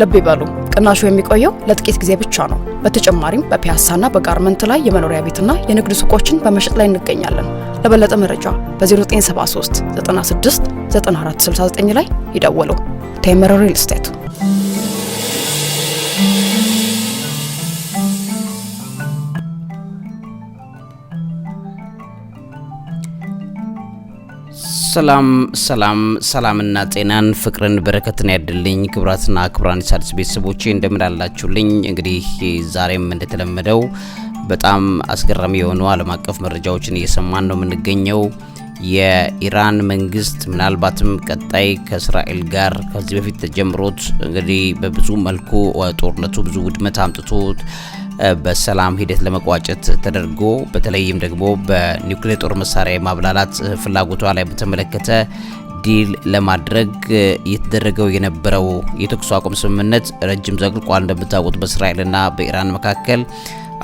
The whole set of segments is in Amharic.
ልብ ይበሉ ቅናሹ የሚቆየው ለጥቂት ጊዜ ብቻ ነው። በተጨማሪም በፒያሳና በጋርመንት ላይ የመኖሪያ ቤትና የንግድ ሱቆችን በመሸጥ ላይ እንገኛለን። ለበለጠ መረጃ በ0973 96 9469 ላይ ይደውሉ። ቴምር ሪል ስቴት ሰላም ሰላም ሰላምና ጤናን ፍቅርን በረከትን ያድልኝ ክብራትና ክብራን ሣድስ ቤተሰቦቼ እንደምናላችሁልኝ። እንግዲህ ዛሬም እንደተለመደው በጣም አስገራሚ የሆኑ ዓለም አቀፍ መረጃዎችን እየሰማን ነው የምንገኘው። የኢራን መንግስት ምናልባትም ቀጣይ ከእስራኤል ጋር ከዚህ በፊት ተጀምሮት እንግዲህ በብዙ መልኩ ጦርነቱ ብዙ ውድመት አምጥቶ በሰላም ሂደት ለመቋጨት ተደርጎ በተለይም ደግሞ በኒውክሌር ጦር መሳሪያ የማብላላት ፍላጎቷ ላይ በተመለከተ ዲል ለማድረግ የተደረገው የነበረው የተኩስ አቁም ስምምነት ረጅም ዘግልቋል። እንደምታውቁት በእስራኤልና በኢራን መካከል።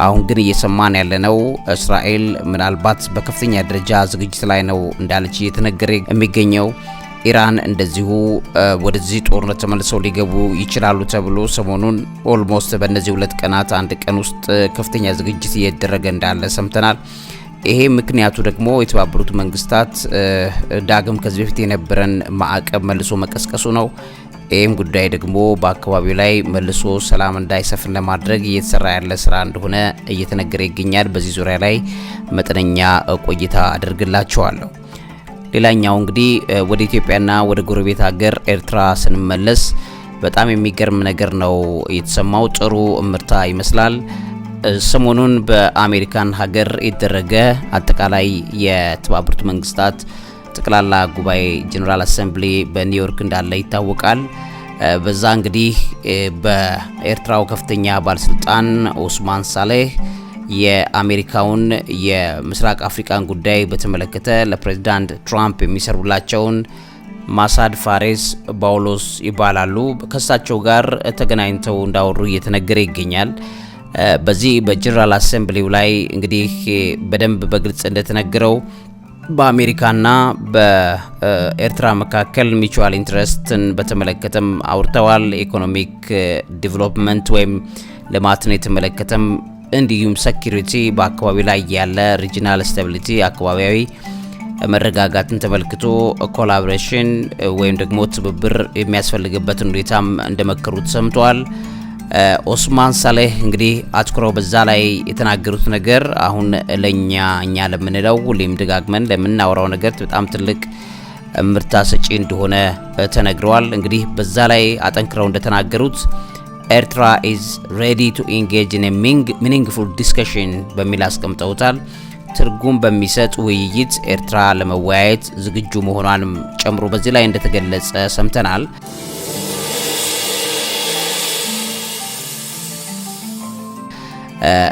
አሁን ግን እየሰማን ያለነው እስራኤል ምናልባት በከፍተኛ ደረጃ ዝግጅት ላይ ነው እንዳለች እየተነገረ የሚገኘው ኢራን እንደዚሁ ወደዚህ ጦርነት ተመልሰው ሊገቡ ይችላሉ ተብሎ ሰሞኑን ኦልሞስት በእነዚህ ሁለት ቀናት አንድ ቀን ውስጥ ከፍተኛ ዝግጅት እየተደረገ እንዳለ ሰምተናል። ይሄ ምክንያቱ ደግሞ የተባበሩት መንግስታት ዳግም ከዚህ በፊት የነበረን ማዕቀብ መልሶ መቀስቀሱ ነው። ይህም ጉዳይ ደግሞ በአካባቢው ላይ መልሶ ሰላም እንዳይሰፍን ለማድረግ እየተሰራ ያለ ስራ እንደሆነ እየተነገረ ይገኛል። በዚህ ዙሪያ ላይ መጠነኛ ቆይታ አድርግላቸዋለሁ። ሌላኛው እንግዲህ ወደ ኢትዮጵያና ወደ ጎረቤት ሀገር ኤርትራ ስንመለስ በጣም የሚገርም ነገር ነው የተሰማው። ጥሩ ምርታ ይመስላል። ሰሞኑን በአሜሪካን ሀገር የተደረገ አጠቃላይ የተባበሩት መንግስታት ጠቅላላ ጉባኤ ጀነራል አሰምብሊ በኒውዮርክ እንዳለ ይታወቃል። በዛ እንግዲህ በኤርትራው ከፍተኛ ባለስልጣን ኦስማን ሳሌህ የአሜሪካውን የምስራቅ አፍሪካን ጉዳይ በተመለከተ ለፕሬዚዳንት ትራምፕ የሚሰሩላቸውን ማሳድ ፋሬስ ባውሎስ ይባላሉ። ከእሳቸው ጋር ተገናኝተው እንዳወሩ እየተነገረ ይገኛል። በዚህ በጀነራል አሰምብሊው ላይ እንግዲህ በደንብ በግልጽ እንደተነገረው በአሜሪካና በኤርትራ መካከል ሚቹዋል ኢንትረስትን በተመለከተም አውርተዋል። ኢኮኖሚክ ዲቨሎፕመንት ወይም ልማትን የተመለከተም እንዲሁም ሰኪሪቲ በአካባቢ ላይ ያለ ሪጂናል ስታቢሊቲ አካባቢያዊ መረጋጋትን ተመልክቶ ኮላቦሬሽን ወይም ደግሞ ትብብር የሚያስፈልግበትን ሁኔታም እንደመከሩት ሰምተዋል። ኦስማን ሳሌህ እንግዲህ አትኩረው በዛ ላይ የተናገሩት ነገር አሁን ለእኛ እኛ ለምንለው ሁሌም ደጋግመን ለምናወራው ነገር በጣም ትልቅ ምርታ ሰጪ እንደሆነ ተነግረዋል። እንግዲህ በዛ ላይ አጠንክረው እንደተናገሩት ኤርትራ ኢዝ ሬዲ ቱ ኢንጌጅ ኢን ሚኒንግፉል ዲስከሽን በሚል አስቀምጠውታል። ትርጉም በሚሰጥ ውይይት ኤርትራ ለመወያየት ዝግጁ መሆኗንም ጨምሮ በዚህ ላይ እንደተገለጸ ሰምተናል።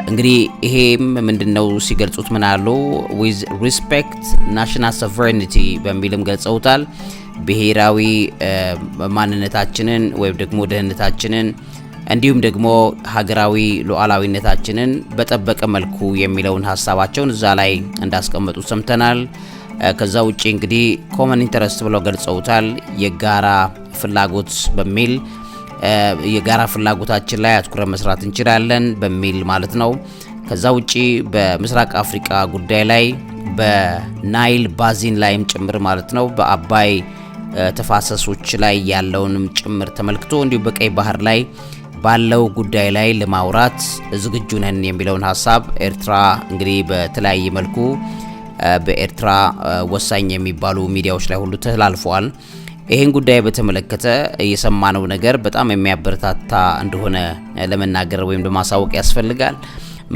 እንግዲህ ይሄም ምንድነው ሲገልጹት ምን አሉ? ዊዝ ሪስፔክት ናሽናል ሶቨሬኒቲ በሚልም ገልጸውታል። ብሔራዊ ማንነታችንን ወይም ደግሞ ደህንነታችንን እንዲሁም ደግሞ ሀገራዊ ሉዓላዊነታችንን በጠበቀ መልኩ የሚለውን ሀሳባቸውን እዛ ላይ እንዳስቀመጡ ሰምተናል። ከዛ ውጪ እንግዲህ ኮመን ኢንተረስት ብለው ገልጸውታል። የጋራ ፍላጎት በሚል የጋራ ፍላጎታችን ላይ አትኩረን መስራት እንችላለን በሚል ማለት ነው። ከዛ ውጪ በምስራቅ አፍሪካ ጉዳይ ላይ በናይል ባዚን ላይም ጭምር ማለት ነው በአባይ ተፋሰሶች ላይ ያለውንም ጭምር ተመልክቶ እንዲሁም በቀይ ባህር ላይ ባለው ጉዳይ ላይ ለማውራት ዝግጁ ነን የሚለውን ሀሳብ ኤርትራ እንግዲህ በተለያየ መልኩ በኤርትራ ወሳኝ የሚባሉ ሚዲያዎች ላይ ሁሉ ተላልፈዋል። ይህን ጉዳይ በተመለከተ የሰማነው ነገር በጣም የሚያበረታታ እንደሆነ ለመናገር ወይም ለማሳወቅ ያስፈልጋል።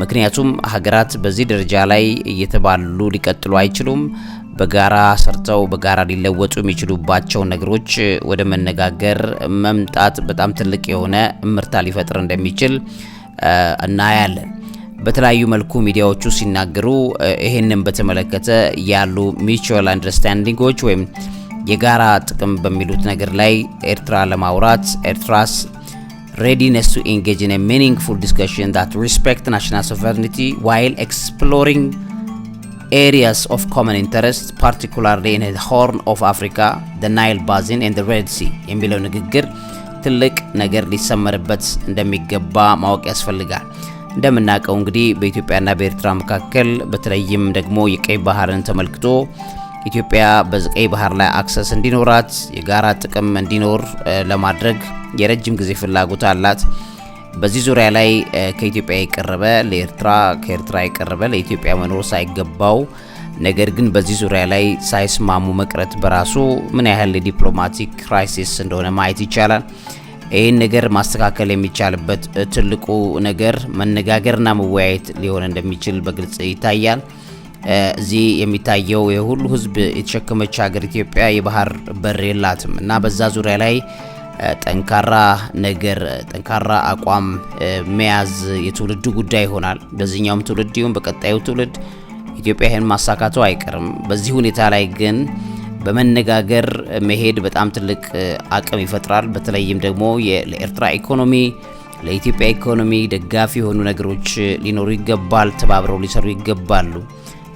ምክንያቱም ሀገራት በዚህ ደረጃ ላይ እየተባሉ ሊቀጥሉ አይችሉም። በጋራ ሰርተው በጋራ ሊለወጡ የሚችሉባቸው ነገሮች ወደ መነጋገር መምጣት በጣም ትልቅ የሆነ እምርታ ሊፈጥር እንደሚችል እናያለን። በተለያዩ መልኩ ሚዲያዎቹ ሲናገሩ ይሄንን በተመለከተ ያሉ ሚቹዋል አንደርስታንዲንጎች ወይም የጋራ ጥቅም በሚሉት ነገር ላይ ኤርትራ ለማውራት ኤርትራስ ሬዲነስ ቱ ኢንጌጅ ኢን ሚኒንግፉል ዲስከሽን ዳት ሪስፔክት ናሽናል ሶቨርኒቲ ዋይል ኤክስፕሎሪንግ areas of common interest particularly in the horn of africa the nile basin and the red sea የሚለው ንግግር ትልቅ ነገር ሊሰመርበት እንደሚገባ ማወቅ ያስፈልጋል። እንደምናውቀው እንግዲህ በኢትዮጵያና በኤርትራ መካከል በተለይም ደግሞ የቀይ ባህርን ተመልክቶ ኢትዮጵያ በቀይ ባህር ላይ አክሰስ እንዲኖራት የጋራ ጥቅም እንዲኖር ለማድረግ የረጅም ጊዜ ፍላጎት አላት። በዚህ ዙሪያ ላይ ከኢትዮጵያ የቀረበ ለኤርትራ ከኤርትራ የቀረበ ለኢትዮጵያ መኖር ሳይገባው ነገር ግን በዚህ ዙሪያ ላይ ሳይስማሙ መቅረት በራሱ ምን ያህል የዲፕሎማቲክ ክራይሲስ እንደሆነ ማየት ይቻላል። ይህን ነገር ማስተካከል የሚቻልበት ትልቁ ነገር መነጋገርና መወያየት ሊሆን እንደሚችል በግልጽ ይታያል። እዚህ የሚታየው የሁሉ ሕዝብ የተሸከመች ሀገር ኢትዮጵያ የባህር በር የላትም እና በዛ ዙሪያ ላይ ጠንካራ ነገር ጠንካራ አቋም መያዝ የትውልዱ ጉዳይ ይሆናል። በዚህኛውም ትውልድ ይሁን በቀጣዩ ትውልድ ኢትዮጵያ ይህን ማሳካቱ አይቀርም። በዚህ ሁኔታ ላይ ግን በመነጋገር መሄድ በጣም ትልቅ አቅም ይፈጥራል። በተለይም ደግሞ ለኤርትራ ኢኮኖሚ፣ ለኢትዮጵያ ኢኮኖሚ ደጋፊ የሆኑ ነገሮች ሊኖሩ ይገባል። ተባብረው ሊሰሩ ይገባሉ።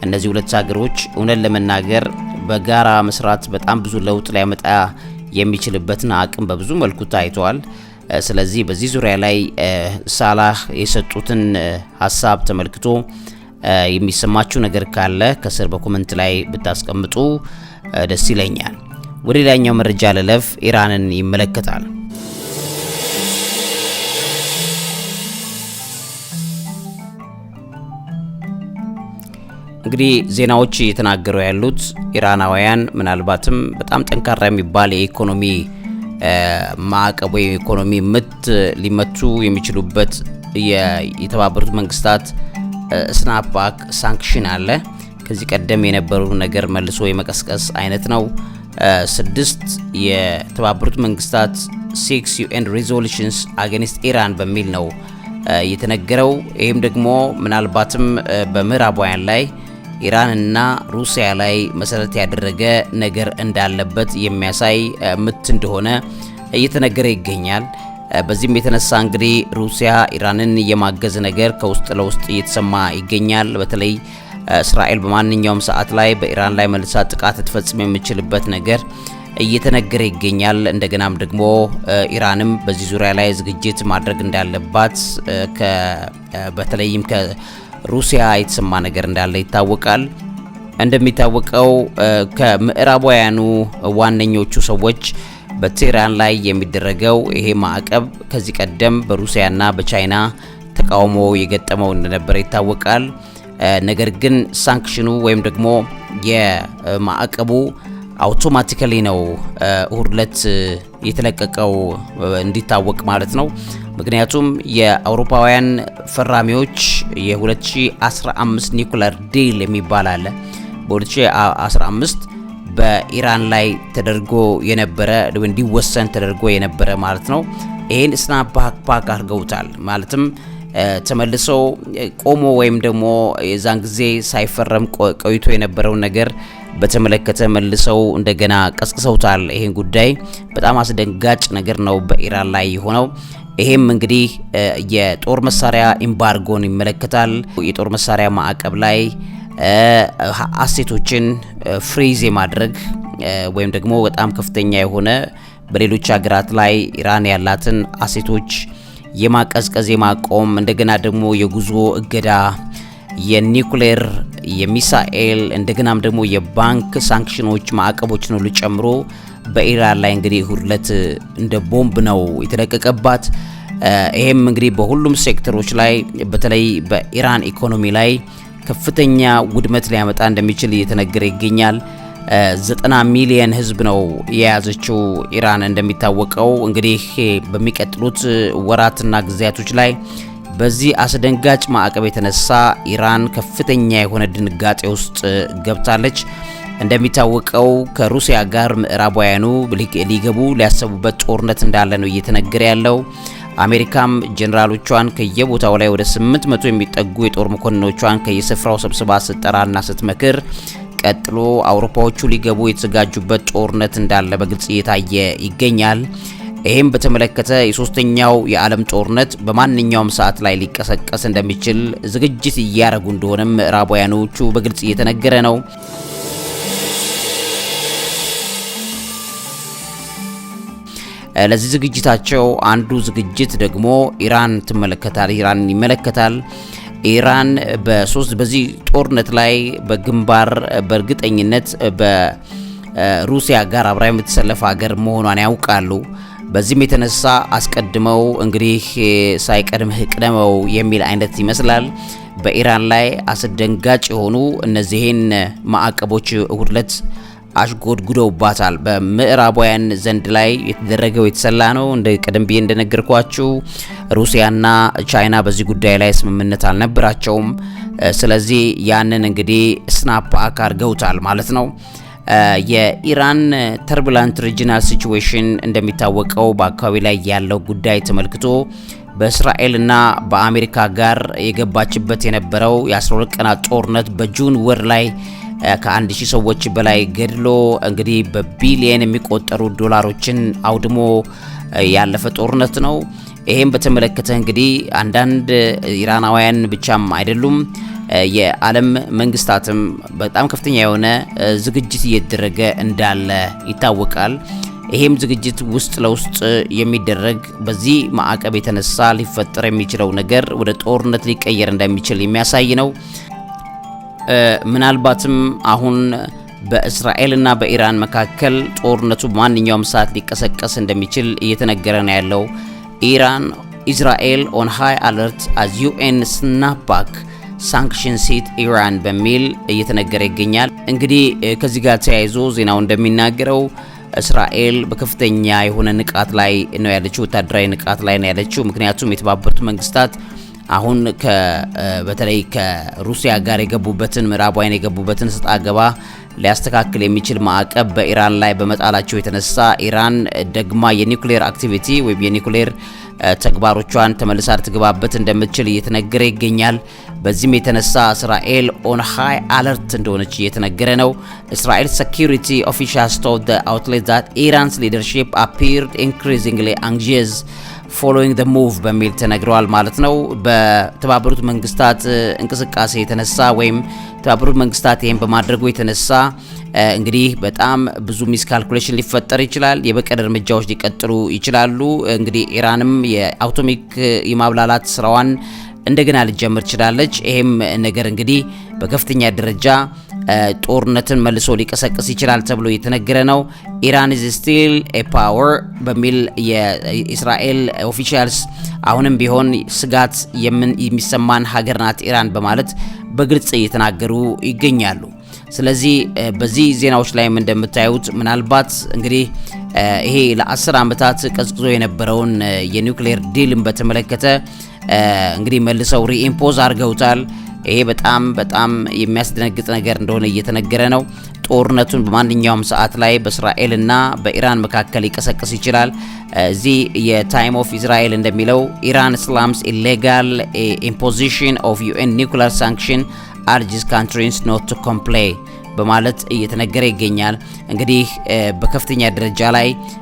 እነዚህ ሁለት ሀገሮች እውነት ለመናገር በጋራ መስራት በጣም ብዙ ለውጥ ሊያመጣ የሚችልበትን አቅም በብዙ መልኩ ታይቷል። ስለዚህ በዚህ ዙሪያ ላይ ሳላህ የሰጡትን ሀሳብ ተመልክቶ የሚሰማችሁ ነገር ካለ ከስር በኮመንት ላይ ብታስቀምጡ ደስ ይለኛል። ወደ ሌላኛው መረጃ ልለፍ። ኢራንን ይመለከታል። እንግዲህ ዜናዎች እየተናገሩ ያሉት ኢራናውያን ምናልባትም በጣም ጠንካራ የሚባል የኢኮኖሚ ማዕቀብ ወይም ኢኮኖሚ ምት ሊመቱ የሚችሉበት የተባበሩት መንግስታት ስናፕባክ ሳንክሽን አለ። ከዚህ ቀደም የነበሩ ነገር መልሶ የመቀስቀስ አይነት ነው። ስድስት የተባበሩት መንግስታት ሲክስ ዩኤን ሪዞሉሽንስ አገኒስት ኢራን በሚል ነው የተነገረው። ይህም ደግሞ ምናልባትም በምዕራባውያን ላይ ኢራንና ሩሲያ ላይ መሰረት ያደረገ ነገር እንዳለበት የሚያሳይ ምት እንደሆነ እየተነገረ ይገኛል። በዚህም የተነሳ እንግዲህ ሩሲያ ኢራንን የማገዝ ነገር ከውስጥ ለውስጥ እየተሰማ ይገኛል። በተለይ እስራኤል በማንኛውም ሰዓት ላይ በኢራን ላይ መልሳ ጥቃት ልትፈጽም የምችልበት ነገር እየተነገረ ይገኛል። እንደገናም ደግሞ ኢራንም በዚህ ዙሪያ ላይ ዝግጅት ማድረግ እንዳለባት በተለይም ሩሲያ የተሰማ ነገር እንዳለ ይታወቃል። እንደሚታወቀው ከምዕራባውያኑ ዋነኞቹ ሰዎች በቴህራን ላይ የሚደረገው ይሄ ማዕቀብ ከዚህ ቀደም በሩሲያና በቻይና ተቃውሞ የገጠመው እንደነበረ ይታወቃል። ነገር ግን ሳንክሽኑ ወይም ደግሞ የማዕቀቡ አውቶማቲካሊ ነው እሁድ ዕለት የተለቀቀው እንዲታወቅ ማለት ነው። ምክንያቱም የአውሮፓውያን ፈራሚዎች የ2015 ኒኩለር ዲል የሚባል አለ። በ2015 በኢራን ላይ ተደርጎ የነበረ እንዲወሰን ተደርጎ የነበረ ማለት ነው። ይህን ስናፕ ፓክ አድርገውታል። ማለትም ተመልሰው ቆሞ ወይም ደግሞ የዛን ጊዜ ሳይፈረም ቆይቶ የነበረውን ነገር በተመለከተ መልሰው እንደገና ቀስቅሰውታል። ይህን ጉዳይ በጣም አስደንጋጭ ነገር ነው በኢራን ላይ የሆነው። ይሄም እንግዲህ የጦር መሳሪያ ኤምባርጎን ይመለከታል። የጦር መሳሪያ ማዕቀብ ላይ አሴቶችን ፍሪዝ የማድረግ ወይም ደግሞ በጣም ከፍተኛ የሆነ በሌሎች ሀገራት ላይ ኢራን ያላትን አሴቶች የማቀዝቀዝ የማቆም እንደገና ደግሞ የጉዞ እገዳ፣ የኒውክሌር፣ የሚሳኤል እንደገናም ደግሞ የባንክ ሳንክሽኖች ማዕቀቦችን ሁሉ ጨምሮ በኢራን ላይ እንግዲህ ሁለት እንደ ቦምብ ነው የተለቀቀባት። ይሄም እንግዲህ በሁሉም ሴክተሮች ላይ በተለይ በኢራን ኢኮኖሚ ላይ ከፍተኛ ውድመት ሊያመጣ እንደሚችል እየተነገረ ይገኛል። 90 ሚሊየን ህዝብ ነው የያዘችው ኢራን። እንደሚታወቀው እንግዲህ በሚቀጥሉት ወራትና ጊዜያቶች ላይ በዚህ አስደንጋጭ ማዕቀብ የተነሳ ኢራን ከፍተኛ የሆነ ድንጋጤ ውስጥ ገብታለች። እንደሚታወቀው ከሩሲያ ጋር ምዕራባውያኑ ሊገቡ ሊያሰቡበት ጦርነት እንዳለ ነው እየተነገረ ያለው። አሜሪካም ጄኔራሎቿን ከየቦታው ላይ ወደ 800 የሚጠጉ የጦር መኮንኖቿን ከየስፍራው ሰብስባ ስትጠራና ስትመክር ቀጥሎ አውሮፓዎቹ ሊገቡ የተዘጋጁበት ጦርነት እንዳለ በግልጽ እየታየ ይገኛል። ይህም በተመለከተ የሶስተኛው የዓለም ጦርነት በማንኛውም ሰዓት ላይ ሊቀሰቀስ እንደሚችል ዝግጅት እያደረጉ እንደሆነም ምዕራባውያኖቹ በግልጽ እየተነገረ ነው። ለዚህ ዝግጅታቸው አንዱ ዝግጅት ደግሞ ኢራን ትመለከታል ኢራን ይመለከታል። ኢራን በሶስት በዚህ ጦርነት ላይ በግንባር በእርግጠኝነት በሩሲያ ጋር አብራ የምትሰለፍ ሀገር መሆኗን ያውቃሉ። በዚህም የተነሳ አስቀድመው እንግዲህ ሳይቀድምህ ቅደመው የሚል አይነት ይመስላል። በኢራን ላይ አስደንጋጭ የሆኑ እነዚህን ማዕቀቦች እሁድ ዕለት አሽጎድጉደውባታል። በምዕራባውያን ዘንድ ላይ የተደረገው የተሰላ ነው። እንደ ቀደም ብዬ እንደነገርኳችሁ ሩሲያና ቻይና በዚህ ጉዳይ ላይ ስምምነት አልነበራቸውም። ስለዚህ ያንን እንግዲህ ስናፕ አክ አድርገውታል ማለት ነው። የኢራን ተርብላንት ሪጂናል ሲቹዌሽን እንደሚታወቀው በአካባቢ ላይ ያለው ጉዳይ ተመልክቶ በእስራኤልና በአሜሪካ ጋር የገባችበት የነበረው የ12 ቀናት ጦርነት በጁን ወር ላይ ከአንድ ሺህ ሰዎች በላይ ገድሎ እንግዲህ በቢሊየን የሚቆጠሩ ዶላሮችን አውድሞ ያለፈ ጦርነት ነው። ይሄም በተመለከተ እንግዲህ አንዳንድ ኢራናውያን ብቻም አይደሉም፣ የዓለም መንግስታትም በጣም ከፍተኛ የሆነ ዝግጅት እየተደረገ እንዳለ ይታወቃል። ይሄም ዝግጅት ውስጥ ለውስጥ የሚደረግ በዚህ ማዕቀብ የተነሳ ሊፈጠር የሚችለው ነገር ወደ ጦርነት ሊቀየር እንደሚችል የሚያሳይ ነው። ምናልባትም አሁን በእስራኤልና በኢራን መካከል ጦርነቱ ማንኛውም ሰዓት ሊቀሰቀስ እንደሚችል እየተነገረ ነው ያለው። ኢራን ኢዝራኤል ኦን ሃይ አለርት አዝ ዩኤን ስናፓክ ሳንክሽን ሲት ኢራን በሚል እየተነገረ ይገኛል። እንግዲህ ከዚህ ጋር ተያይዞ ዜናው እንደሚናገረው እስራኤል በከፍተኛ የሆነ ንቃት ላይ ነው ያለችው፣ ወታደራዊ ንቃት ላይ ነው ያለችው። ምክንያቱም የተባበሩት መንግስታት አሁን በተለይ ከሩሲያ ጋር የገቡበትን ምዕራባውያን የገቡበትን ስጣ ገባ ሊያስተካክል የሚችል ማዕቀብ በኢራን ላይ በመጣላቸው የተነሳ ኢራን ደግማ የኒውክሌር አክቲቪቲ ወይም የኒውክሌር ተግባሮቿን ተመልሳ ልትገባበት እንደምትችል እየተነገረ ይገኛል። በዚህም የተነሳ እስራኤል ኦን ሃይ አለርት እንደሆነች እየተነገረ ነው። እስራኤል ሴኩሪቲ ኦፊሻልስ ቶልድ ዘ አውትሌት ዛት ኢራንስ ሊደርሺፕ አፒርድ ኢንክሪዚንግሊ አንግዚየስ ፎሎዊንግ ደ ሙቭ በሚል ተነግረዋል ማለት ነው። በተባበሩት መንግስታት እንቅስቃሴ የተነሳ ወይም የተባበሩት መንግስታት ይህን በማድረጉ የተነሳ እንግዲህ በጣም ብዙ ሚስ ካልኩሌሽን ሊፈጠር ይችላል። የበቀል እርምጃዎች ሊቀጥሉ ይችላሉ። እንግዲህ ኢራንም የአውቶሚክ የማብላላት ስራዋን እንደገና ልጀምር ትችላለች። ይሄም ነገር እንግዲህ በከፍተኛ ደረጃ ጦርነትን መልሶ ሊቀሰቅስ ይችላል ተብሎ የተነገረ ነው። ኢራን ኢዝ ስቲል ኤ ፓወር በሚል የእስራኤል ኦፊሻልስ አሁንም ቢሆን ስጋት የሚሰማን ሀገር ናት ኢራን በማለት በግልጽ እየተናገሩ ይገኛሉ። ስለዚህ በዚህ ዜናዎች ላይም እንደምታዩት ምናልባት እንግዲህ ይሄ ለአስር ዓመታት ቀዝቅዞ የነበረውን የኒውክሌር ዲልን በተመለከተ እንግዲህ መልሰው ሪኢምፖዝ አድርገውታል። ይሄ በጣም በጣም የሚያስደነግጥ ነገር እንደሆነ እየተነገረ ነው። ጦርነቱን በማንኛውም ሰዓት ላይ በእስራኤልና በኢራን መካከል ሊቀሰቅስ ይችላል። እዚህ የታይም ኦፍ እስራኤል እንደሚለው ኢራን ስላምስ ኢሌጋል ኢምፖዚሽን ኦፍ ዩኤን ኒኩላር ሳንክሽን አርጂስ ካንትሪንስ ኖት ቱ ኮምፕላይ በማለት እየተነገረ ይገኛል። እንግዲህ በከፍተኛ ደረጃ ላይ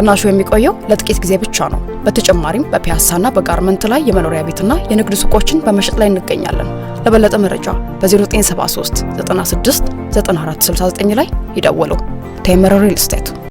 ቅናሹ የሚቆየው ለጥቂት ጊዜ ብቻ ነው። በተጨማሪም በፒያሳና በጋርመንት ላይ የመኖሪያ ቤትና የንግድ ሱቆችን በመሸጥ ላይ እንገኛለን። ለበለጠ መረጃ በ0973 96 9469 ላይ ይደውሉ። ቴምር ሪል ስቴት